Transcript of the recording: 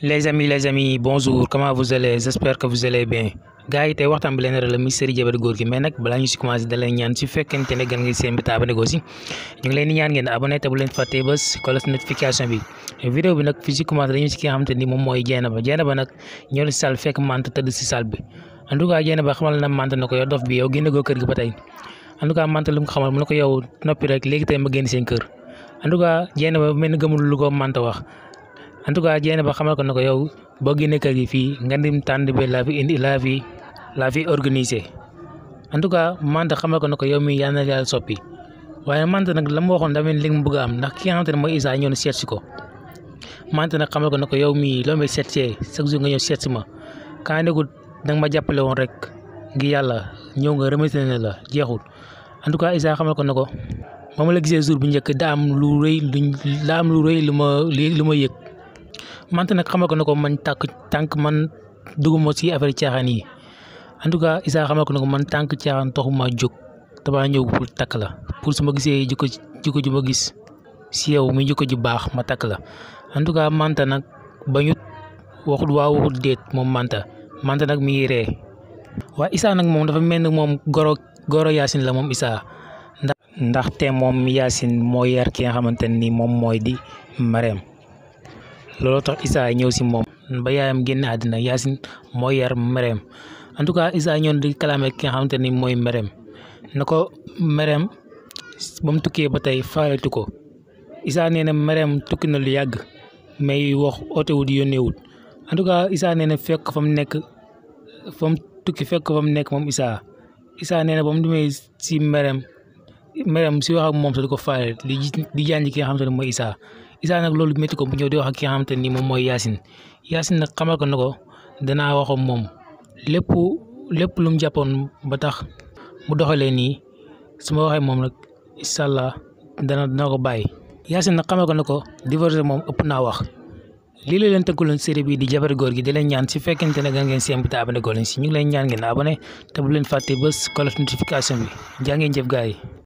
les amis bonjour comment vous allez j'espère que vous allez yi tey waxtaan bi leen rek la Mister jabar nag balaa ñu si commencé da ñaan si fekkente nga seen bi te bi nag fi si dañu si ki nga xamante ni moom mooy Dieynaba Dieynaba nag ñëw si salle fekk mante tëdd si salle bi en tout cas xamal na mante na ko noppi rek léegi tey ma génn seen kër en tout cas Dieynaba na gëmul lu ko mante wax en tout cas Dieynaba xamal ko ne ko yow boo génnee kër gi fii nga ndim tànd bi laa fi indi laa fi laa fi organisé en tout cas Mante xamal ko ne ko yow mii yal na yàlla soppi waaye Mante nag la mu waxoon dafa mel a am ndax ki xamal ko ne ko yow mii loo may jour nga ñëw seet ma kaa nekkul danga ma jàppale woon rek ngi yàlla ñëw nga remercié na la jeexul en tout cas Isa xamal ko ne ko ba ma la gisee jour bu njëkk daa lu rëy lu ma yëg. mante nag xamal ko ko man tànk tànk man duguma si affaire caaxaan yi en tout cas Issa xamal ko ne ko man tànk caaxaan taxuma jóg damaa ñëw pour takk la pour su ma gisee jikko jikko ju ma gis si mi jikko ju baax ma takk la en tout cas manta nag bañut waxut waa waxut déet moom manta manta nag mi ngi ree waa Issa nag moom dafa mel ni moom goro goro Yacine la moom Issa ndax ndaxte moom Yacine mooy yar ki nga xamante ni moom mooy di Marème looloo tax Isa ñëw si moom ba yaayam génn àddina Yaasin mooy yar Mereem en tout cas Isa ñoon di kalaame ki nga xamante ni mooy Mereem na ko Mereem ba mu tukkee ba tey faalatu ko Isa nee na Mereem tukki na lu yàgg mais wax ootewut yónneewut en tout cas Isa nee na fekk fa mu nekk fa mu tukki fekk fa mu nekk moom Isa Isa nee na ba mu demee si Mereem Mereem si wax ak moom sax di ko faale di di jànj ki nga xamante ne mooy Isa Issa nag loolu métti ko bu ñëw di wax ak ki nga xamante ni moom na Yacine Yacine nag xamal ko ne danaa wax moom lépp lépp lum mu jàppoon ba tax mu doxalee nii su ma waxee moom nag incha allah dana dana ko bàyyi. na nag xamal ko ne ko divorce moom ëpp naa wax lii la leen tëggaloon bi di Jabar Góor gi di leen ñaan si fekkente ne gan ngeen si invité abonné si ñu ngi leen ñaan ngeen abonné te bu leen fàtte bés cloche notification bi jaa ngeen jëf yi.